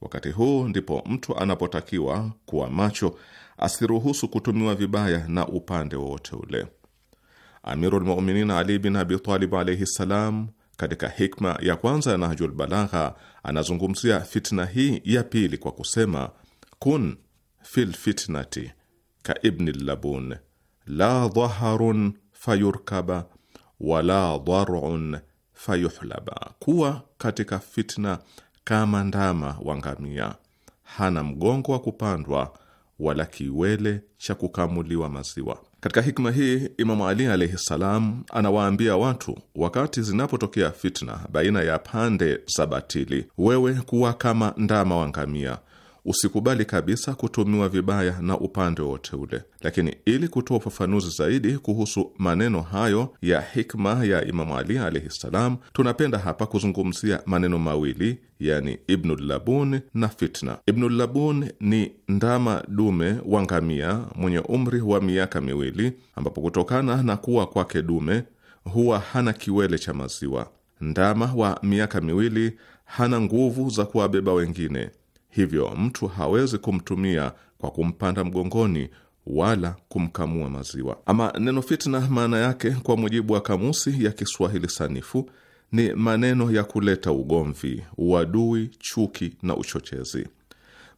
Wakati huu ndipo mtu anapotakiwa kuwa macho, asiruhusu kutumiwa vibaya na upande wowote ule. Amirul Muminin Ali bin Abi Talib alaihi ssalam, katika hikma ya kwanza ya Nahjul Balagha anazungumzia fitna hii ya pili kwa kusema kun fil fitnati ka ibni labun la dhaharun fayurkaba wala dharun fayuhlaba, kuwa katika fitna kama ndama wangamia hana mgongo wa kupandwa wala kiwele cha kukamuliwa maziwa. Katika hikma hii Imamu Ali alaihi salam anawaambia watu, wakati zinapotokea fitna baina ya pande za batili, wewe kuwa kama ndama wangamia usikubali kabisa kutumiwa vibaya na upande wote ule. Lakini ili kutoa ufafanuzi zaidi kuhusu maneno hayo ya hikma ya Imamu Ali alaihi ssalam, tunapenda hapa kuzungumzia maneno mawili, yani ibnullabun na fitna. Ibnullabun ni ndama dume wa ngamia mwenye umri wa miaka miwili, ambapo kutokana na kuwa kwake dume huwa hana kiwele cha maziwa. Ndama wa miaka miwili hana nguvu za kuwabeba wengine hivyo mtu hawezi kumtumia kwa kumpanda mgongoni wala kumkamua maziwa. Ama neno fitna, maana yake kwa mujibu wa kamusi ya Kiswahili sanifu ni maneno ya kuleta ugomvi, uadui, chuki na uchochezi.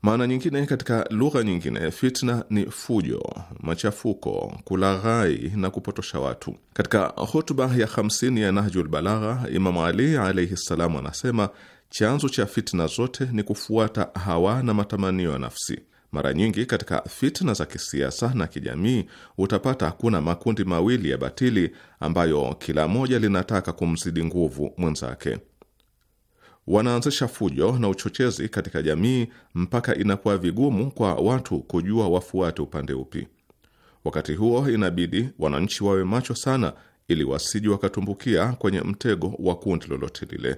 Maana nyingine katika lugha nyingine, fitna ni fujo, machafuko, kulaghai na kupotosha watu. Katika hutuba ya 50 ya Nahjul Balagha, Imamu Ali alaihi ssalamu anasema chanzo cha fitna zote ni kufuata hawa na matamanio ya nafsi. Mara nyingi katika fitna za kisiasa na kijamii utapata kuna makundi mawili ya batili ambayo kila moja linataka kumzidi nguvu mwenzake. Wanaanzisha fujo na uchochezi katika jamii mpaka inakuwa vigumu kwa watu kujua wafuate upande upi. Wakati huo inabidi wananchi wawe macho sana, ili wasije wakatumbukia kwenye mtego wa kundi lolote lile.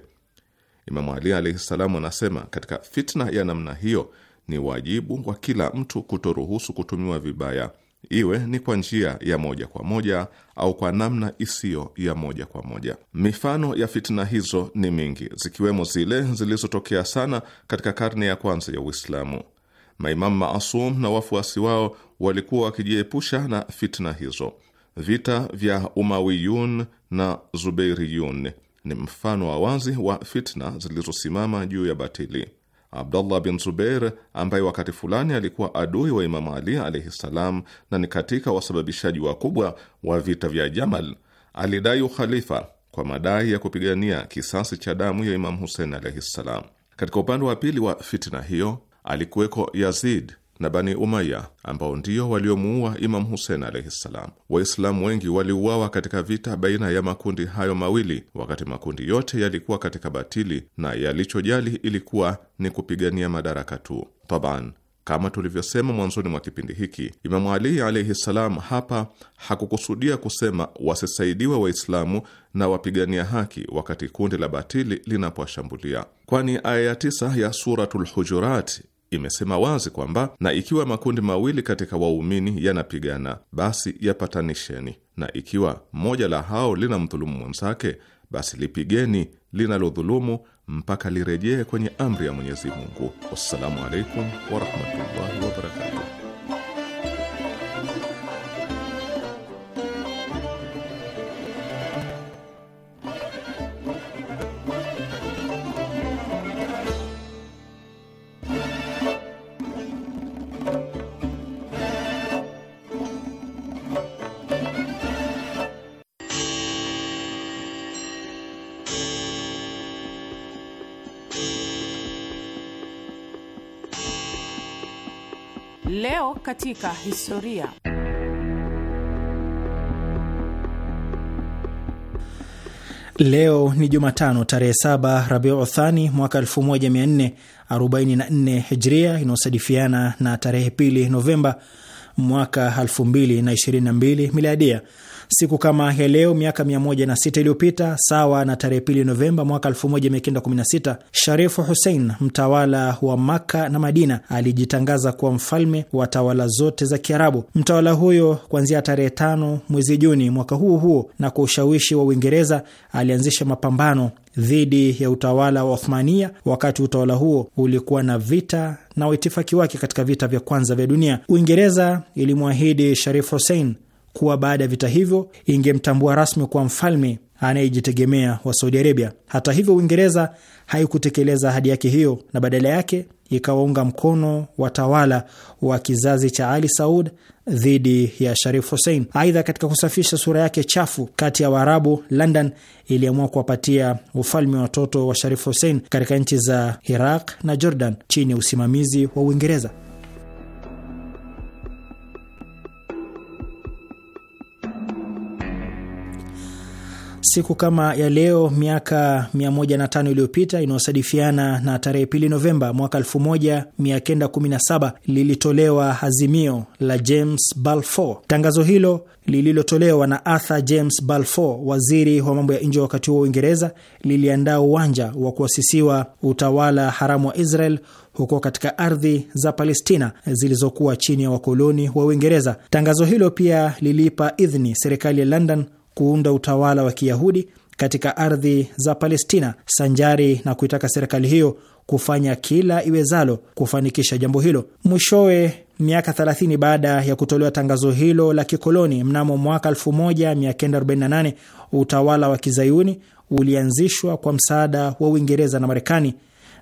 Imamu Ali alaihi anasema katika fitna ya namna hiyo ni wajibu wa kila mtu kutoruhusu kutumiwa vibaya, iwe ni kwa njia ya moja kwa moja au kwa namna isiyo ya moja kwa moja. Mifano ya fitna hizo ni mingi, zikiwemo zile zilizotokea sana katika karne ya kwanza ya Uislamu. Maimamu maasum na wafuasi wao walikuwa wakijiepusha na fitna hizo. Vita vya Umawiyun na Zubeiriyun ni mfano wa wazi wa fitna zilizosimama juu ya batili. Abdullah bin Zubeir ambaye wakati fulani alikuwa adui wa Imamu Ali alaihi ssalam, na ni katika wasababishaji wakubwa wa vita vya Jamal, alidai ukhalifa kwa madai ya kupigania kisasi cha damu ya Imamu Husein alaihi ssalam. Katika upande wa pili wa fitna hiyo alikuweko Yazid na Bani Umaya ambao ndio waliomuua Imamu Husein alaihi ssalam. Waislamu wengi waliuawa katika vita baina ya makundi hayo mawili, wakati makundi yote yalikuwa katika batili na yalichojali ilikuwa ni kupigania madaraka tu. Taban, kama tulivyosema mwanzoni mwa kipindi hiki, Imamu Ali alaihi ssalam hapa hakukusudia kusema wasisaidiwe Waislamu na wapigania haki wakati kundi la batili linapowashambulia, kwani aya ya tisa ya Suratul Hujurat imesema wazi kwamba na ikiwa makundi mawili katika waumini yanapigana, basi yapatanisheni, na ikiwa moja la hao lina mdhulumu mwenzake, basi lipigeni linalodhulumu mpaka lirejee kwenye amri ya Mwenyezi Mungu. Wassalamu alaikum warahmatullahi wabarakatuh. katika historia. Leo ni Jumatano tarehe 7 Rabiu Thani mwaka 1444 Hijria, inayosadifiana na tarehe pili Novemba mwaka 2022 Miladia. Siku kama ya leo miaka 106 iliyopita, sawa na tarehe pili Novemba mwaka 1916, Sharifu Hussein mtawala wa Makka na Madina alijitangaza kuwa mfalme wa tawala zote za Kiarabu. Mtawala huyo kuanzia tarehe tano mwezi Juni mwaka huo huo na kwa ushawishi wa Uingereza alianzisha mapambano dhidi ya utawala wa Othmania. Wakati utawala huo ulikuwa na vita na waitifaki wake katika vita vya kwanza vya dunia, Uingereza ilimwahidi Sharif Hussein kuwa baada ya vita hivyo ingemtambua rasmi kuwa mfalme anayejitegemea wa Saudi Arabia. Hata hivyo, Uingereza haikutekeleza ahadi yake hiyo na badala yake ikawaunga mkono watawala wa kizazi cha Ali Saud dhidi ya Sharif Hussein. Aidha, katika kusafisha sura yake chafu kati ya Waarabu, London iliamua kuwapatia ufalme wa watoto wa Sharif Hussein katika nchi za Iraq na Jordan chini ya usimamizi wa Uingereza. siku kama ya leo miaka 105 iliyopita inayosadifiana na tarehe pili Novemba mwaka 1917 lilitolewa azimio la James Balfour. Tangazo hilo lililotolewa na Arthur James Balfour, waziri wa mambo ya nje wakati huo wa Uingereza, liliandaa uwanja wa kuasisiwa utawala haramu wa Israel huko katika ardhi za Palestina zilizokuwa chini ya wakoloni wa Uingereza. Tangazo hilo pia liliipa idhini serikali ya London kuunda utawala wa Kiyahudi katika ardhi za Palestina, sanjari na kuitaka serikali hiyo kufanya kila iwezalo kufanikisha jambo hilo. Mwishowe, miaka 30 baada ya kutolewa tangazo hilo la kikoloni mnamo mwaka 1948 utawala wa Kizayuni ulianzishwa kwa msaada wa Uingereza na Marekani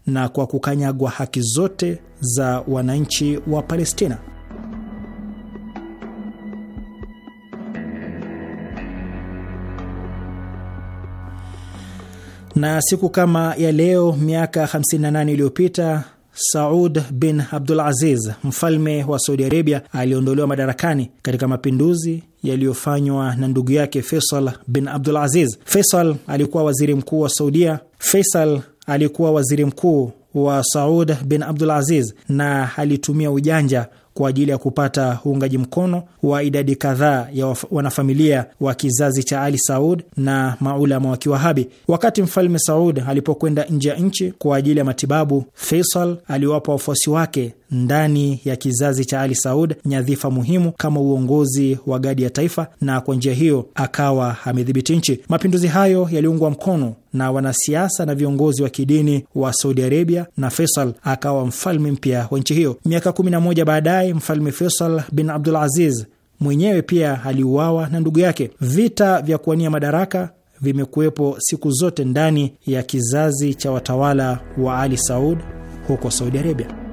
na kwa kukanyagwa haki zote za wananchi wa Palestina. Na siku kama ya leo miaka 58 iliyopita Saud bin Abdul Aziz, mfalme wa Saudi Arabia, aliondolewa madarakani katika mapinduzi yaliyofanywa na ndugu yake Faisal bin Abdul Aziz. Faisal alikuwa waziri mkuu wa Saudia. Faisal alikuwa waziri mkuu wa Saud bin Abdul Aziz na alitumia ujanja kwa ajili ya kupata uungaji mkono wa idadi kadhaa ya wanafamilia wa kizazi cha Ali Saud na maulama wa Kiwahabi. Wakati mfalme Saud alipokwenda nje ya nchi kwa ajili ya matibabu, Faisal aliwapa wafuasi wake ndani ya kizazi cha Ali Saud nyadhifa muhimu kama uongozi wa gadi ya taifa, na kwa njia hiyo akawa amedhibiti nchi. Mapinduzi hayo yaliungwa mkono na wanasiasa na viongozi wa kidini wa Saudi Arabia na Faisal akawa mfalme mpya wa nchi hiyo. Miaka 11 baadaye, mfalme Faisal bin Abdul Aziz mwenyewe pia aliuawa na ndugu yake. Vita vya kuwania madaraka vimekuwepo siku zote ndani ya kizazi cha watawala wa Ali Saud huko Saudi Arabia.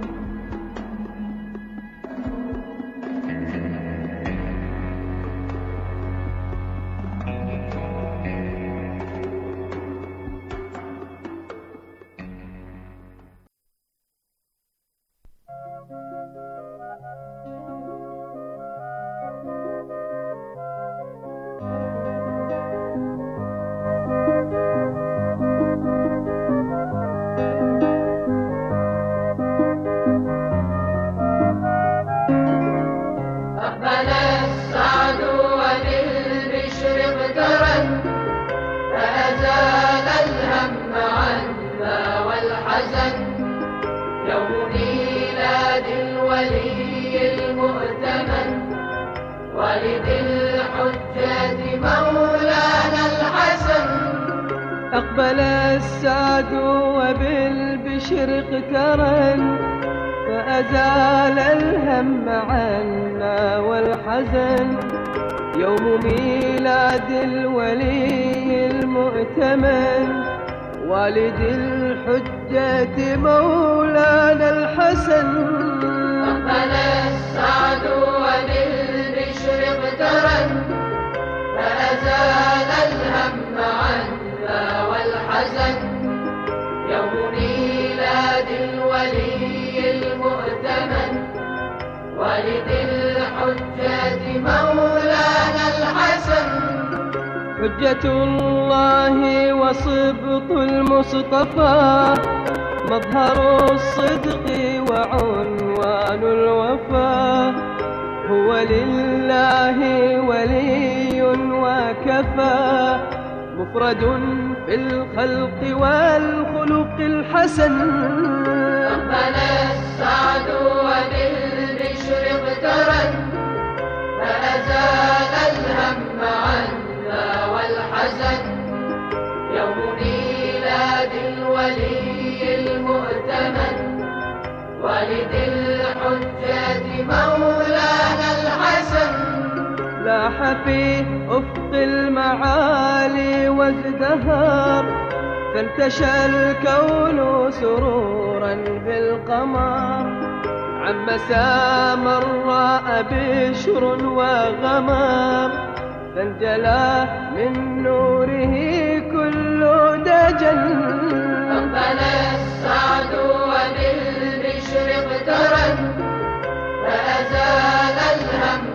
الله وصبط المصطفى مظهر الصدق وعنوان الوفا هو لله ولي وكفى مفرد في الخلق والخلق الحسن ربنا السعد وبالبشر اقترن فأزال ولد الحجاج مولانا الحسن لاح في أفق المعالي وازدهر فانتشى الكون سرورا بالقمر عمسى مر بشر وغمر فانجلى من نوره كل دجل أقبل السعد وبه فأزال الهم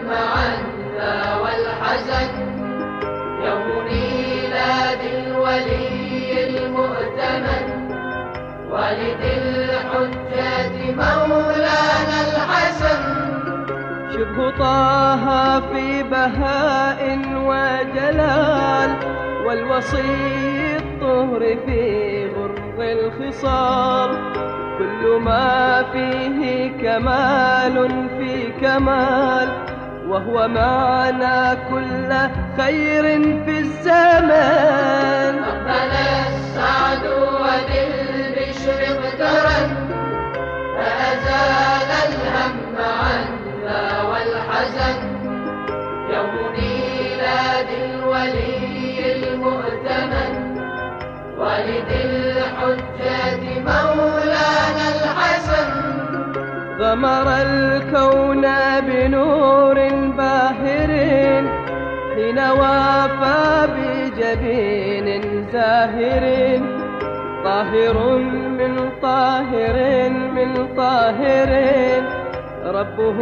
يوم ميلاد الولي المؤتمن والد مولانا الحسن شبه طه في بهاء وجلال والوصي الطهر في غر الخصال كل ما فيه كمال في كمال وهو معنى كل خير في الزمان ربنا السعد وبالبشر اقترن فأزال غمر الكون بنور باهر حين وافى بجبين زاهر طاهر من طاهر من طاهر ربه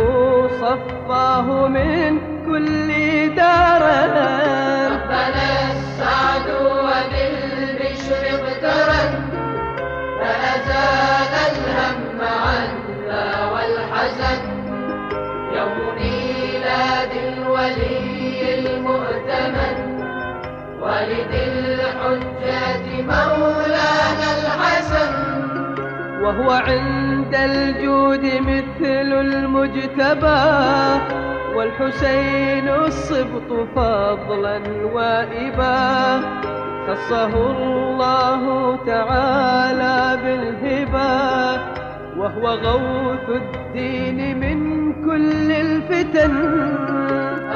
صفاه من كل دار ربنا السعد وبالبشر اقترن فأزال الهم ولي المؤتمن ولد الحجات مولانا الحسن وهو عند الجود مثل المجتبى والحسين الصبط فضلا وابا خصه الله تعالى بالهبة وهو غوث الدين من كل الفتن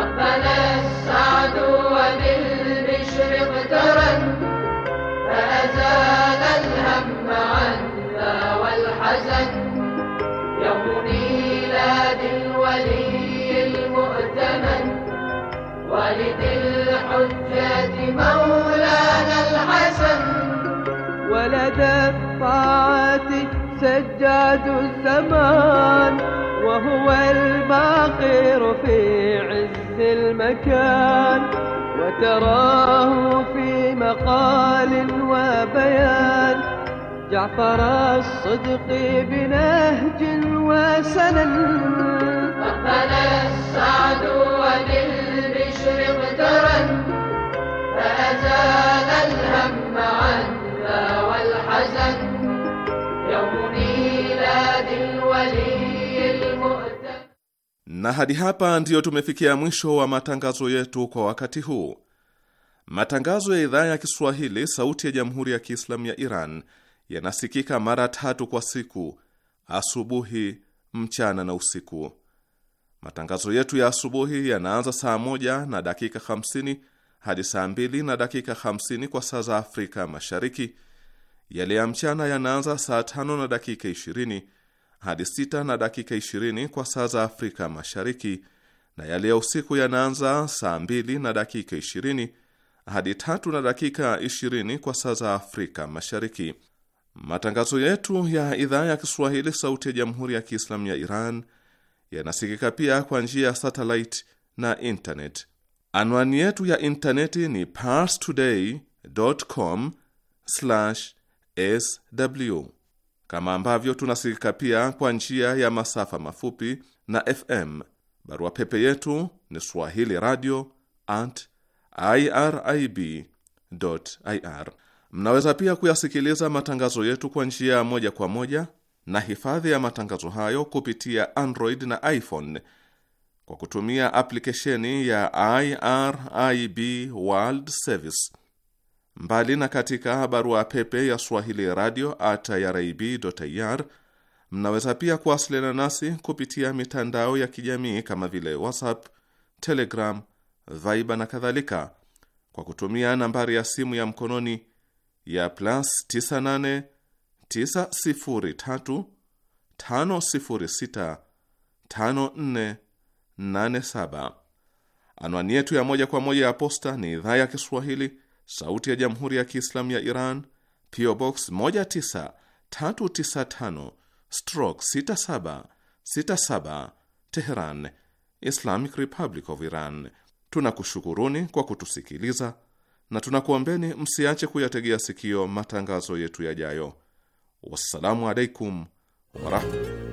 ربنا السعد وبالبشر اقترن فأزال الهم عنا والحزن يوم ميلاد الولي المؤتمن والد الحجة مولانا الحسن ولد الطاعة سجاد الزمان وهو الباقر في عز مثل المكان وتراه في مقال وبيان جعفر الصدق بنهج وسنن أقبل السعد وبالبشر اقترن فأزال الهم Na hadi hapa ndiyo tumefikia mwisho wa matangazo yetu kwa wakati huu. Matangazo ya idhaa ya Kiswahili sauti ya Jamhuri ya Kiislamu ya Iran yanasikika mara tatu kwa siku: asubuhi, mchana na usiku. Matangazo yetu ya asubuhi yanaanza saa moja na dakika 50 hadi saa mbili na dakika 50 kwa saa za Afrika Mashariki. Yale ya mchana yanaanza saa tano na dakika 20 hadi sita na dakika ishirini kwa saa za Afrika Mashariki, na yale ya usiku yanaanza saa mbili na dakika ishirini hadi tatu na dakika ishirini kwa saa za Afrika Mashariki. Matangazo yetu ya idhaa ya Kiswahili sauti ya Jamhuri ya Kiislamu ya Iran yanasikika pia kwa njia ya satellite na internet. Anwani yetu ya intaneti ni parstoday.com/sw kama ambavyo tunasikika pia kwa njia ya masafa mafupi na FM. Barua pepe yetu ni swahili radio at irib ir. Mnaweza pia kuyasikiliza matangazo yetu kwa njia ya moja kwa moja na hifadhi ya matangazo hayo kupitia Android na iPhone kwa kutumia aplikesheni ya IRIB World Service mbali na katika barua pepe ya Swahili radio at irib.ir, mnaweza pia kuwasiliana nasi kupitia mitandao ya kijamii kama vile WhatsApp, Telegram, Viber na kadhalika kwa kutumia nambari ya simu ya mkononi ya plus 98 Anwani yetu ya moja kwa moja ya posta ni idhaa ya Kiswahili Sauti ya Jamhuri ya Kiislamu ya Iran, PO Box 19395 stroke 6767 Teheran, Islamic Republic of Iran. Tunakushukuruni kwa kutusikiliza na tunakuombeni msiache kuyategea sikio matangazo yetu yajayo. Wassalamu alaikum warahmatullahi